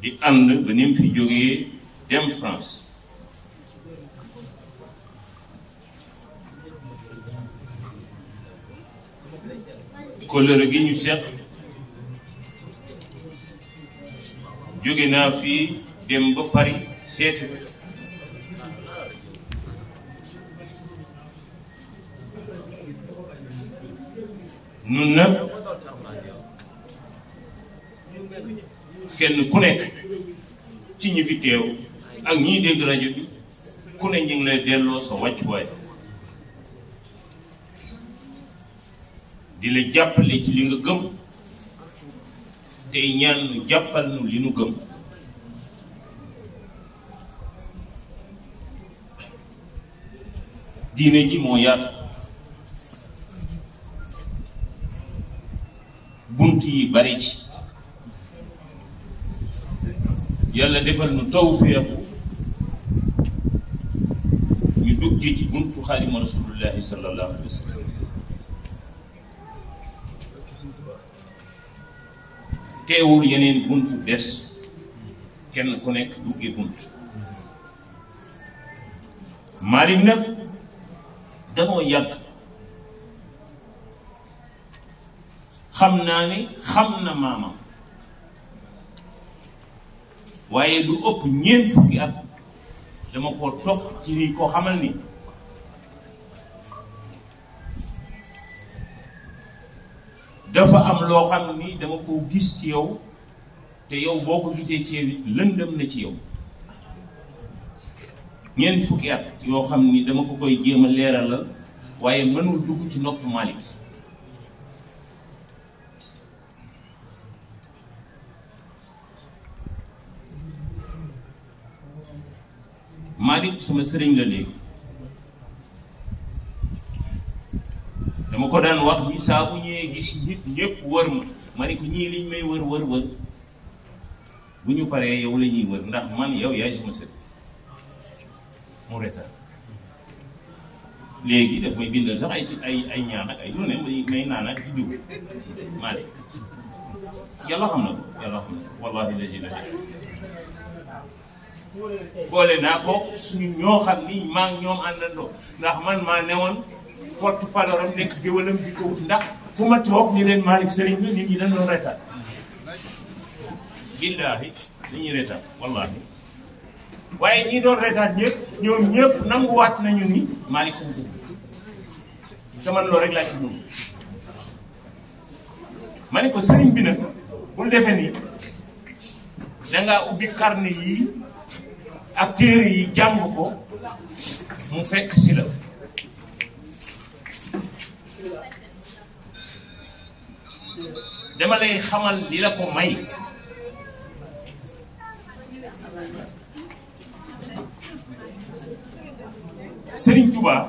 di ànd ba ni mu fi jógee dem France kóllëre gi ñu seq jóge naa fi dem ba Paris seeti nun nag kenn ku nekk ci ñi fi teew ak ñii dégg rajo bi ku ne ñu ngi lay delloo sa wàccuwaay di jàppale ci li nga gëm tey ñaan nu jàppal nu li nu gëm diine ji moo yaatu bunt yi bari ci يلا دفل نتوفيه ندقي بنت خادم رسول الله صلى الله عليه وسلم تيول ينين بنت بس كان كونك دقي بنت مالي دمو يق خمناني خمنا ماما waaye du ëpp ñeent fukki at dama ko topp ci ni ko xamal ni dafa am loo xam ni dama ko gis ci yow te yow boo ko gisee ci yow it lëndëm na ci yow ñeent fukki at yoo xam ni dama ko koy jéem a leeralal waaye mënul dugg ci nopp Malick Malick sama sëriñ la léegi dama ko daan wax bi saa bu gis nit wër ma ma ne ñii liñ may wër wër wër bu ñu paree yow la ñuy wër ndax man yow yaay sama sëriñ mu retaan léegi daf may bindal sax ay ay ay ñaan ak ay lu ne may naan ak di dugg Malick yàlla xam na ko yàlla xam na ko wallaahi la boole naa ko suñu ñoo xam ni maa ngi ñoom àndandoo ndax man maa newoon porte parole am nekk géwalam bi ko wut ndax fu ma toog ni leen Malick Serigne la nit ñi dañ doon reetaan billaahi dañuy reetaan doon reetaan ñëpp ñoom ñëpp nanguwaat nañu ni Malick Serigne Serigne te man loolu rek laa ci ñëw ma ne ko Serigne bi nag bul defee ni dangaa ubbi carnet yii ak yi jàng ko mu fekk si la dama lay xamal li la ko may Sëriñ Tuubaa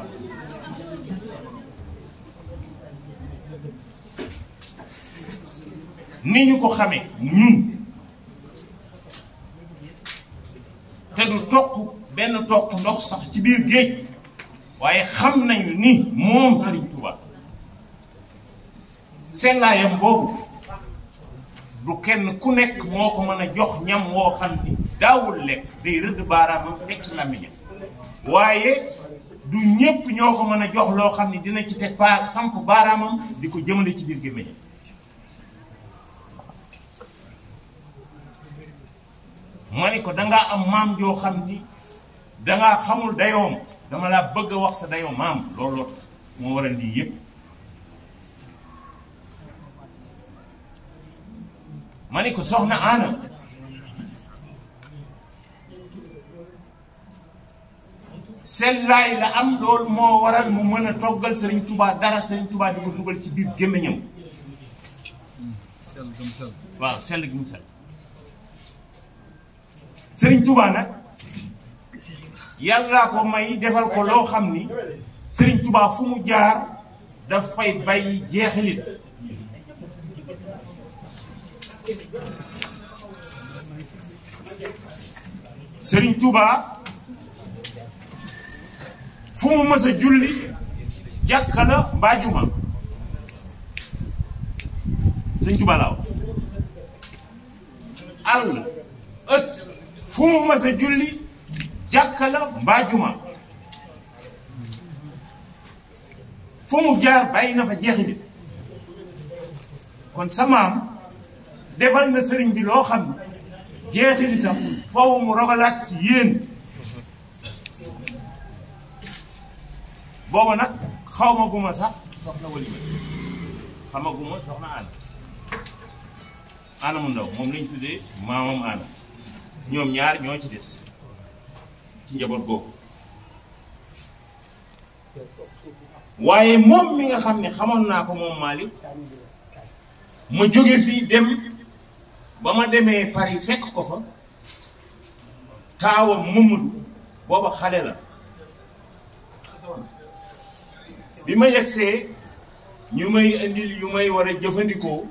ni ñu ko xamee ñun te du toq benn toq ndox sax ci biir géej waaye xam nañu ni moom Serigne Touba sellaayam boobu du kenn ku nekk moo ko mën a jox ñam woo xam ni daawul lekk day rëdd baaraamam tekk làmmiñam waaye du ñépp ñoo ko mën a jox loo xam ni dina ci teg ba samp baaraamam di ko jëmale ci biir gémmiñam maniko ko da nga am mam jo xamni da nga xamul dayom dama la bëgg wax sa dayom mam lool mo waral li yépp mané ko soxna ana lay la am lool mo waral mu mëna togal serigne touba dara serigne touba diko duggal ci bir gemeñam sel gum sel wa sel gum sel sëriñ Touba nag yàllaa ko may defal ko loo xam ni sëriñ Touba fu mu jaar daf fay bay jeexilit sëriñ Touba fu mu mës a julli jàkka la sëriñ Touba laaw àll ëtt fu mu mas a julli jàkka mbaa juma fu mu jaar bàyyi na fa jeexi kon sa maam defal na sëriñ bi loo xam ne jeexi bi tam foofu mu rogalaat ci yéen booba nag xaw ma guma sax soxna walima soxna aana aana mu ndaw moom lañ tuddee maamam aana ñoom ñaar ñoo ci des ci njaboot boobu waaye moom mi nga xam ne xamoon naa ko moom Malick ma jóge fii dem ba ma demee Paris fekk ko fa taawam Mamadou booba xale la bi ma yegsee ñu may indil yu may war a jëfandikoo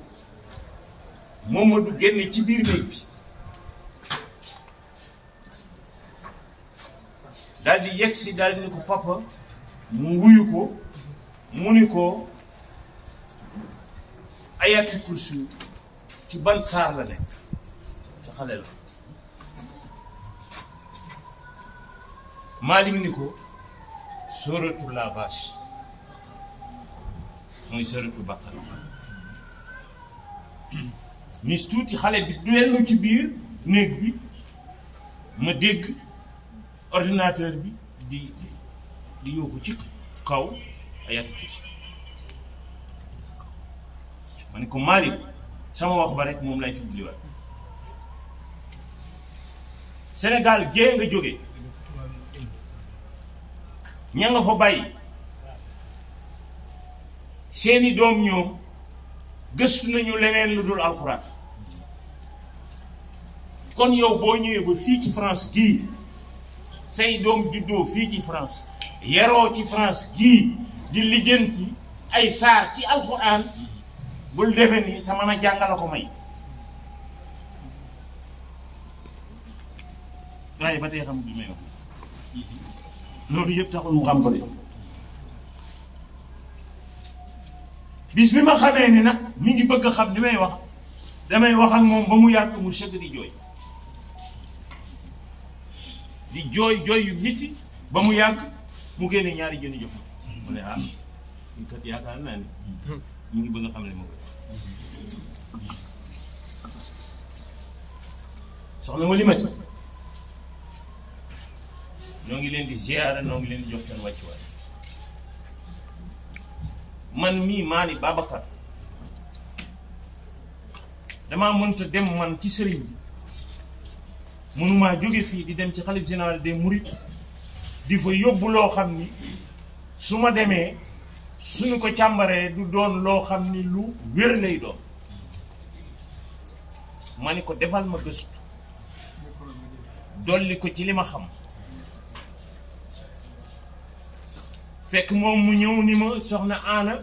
Mamadou génn ci biir néeg bi daal di yegg si ni ko papa mu wuyu ko mu ni ko ayatul kursi ci ban saar la nekk ci xale la maalim ni ko sóoratu la bâche mooy sóoratu baqara mis tuuti xale bi dellu ci biir néeg bi ma dégg ordinateur bi di di yóbbu ci kaw ayatu ko ci ma ne ko sama wax ba rek moom lay fi julliwaat Sénégal gée nga jóge ña nga ko bàyyi seeni doom ñoom gëstu nañu leneen lu dul alxuraan kon yow boo ñëwee ba fii ci France gii say doom juddoo fi ci France yero ci France gi di lijjanti ay sar ci alcorane bul defe ni sama na a ko may way ba tay xam li may wax loolu yëpp taxul mu xam ko de bis bi ma xamee ni nak mi ngi bëgg xam li may wax damay wax ak mom ba mu yak mu di joy di jooy jooy yu ba mu yàgg mu génne ñaari jënd jox mm-hmm. mu ne ah, mm-hmm. mm-hmm. ñoo ngi leen di ziyaara leen di jox seen wàccuwaay man mii maa ni Babacar damaa mënta dem man ci sëriñ mënumaa jóge fii di dem ci xalif général de mourides di fa yóbbu loo xam ni su ma demee suñu ko càmbaree du doon loo xam ni lu wér lay doon ma ni ko defal ma gëstu dolli ko ci li ma xam fekk moom mu ñëw ni ma soxna aana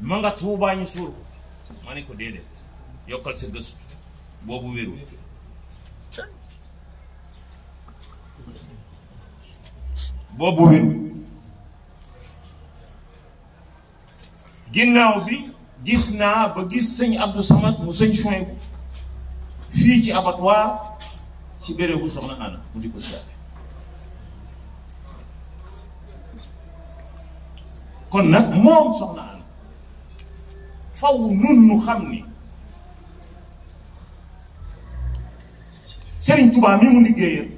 ma nga tuubaa ñu suur ko ma ne ko déedéet yokkal sa gëstu boobu wérul boobu bi ginnaaw bi gis naa ba gis sëñ Abdou Samad mu sëñ Chouin fii ci abattoir ci bérébu soxna Anna mu di ko siyaare kon nag moom soxna Anna faw nun nu xam ni Serigne Touba mi mu liggéeyal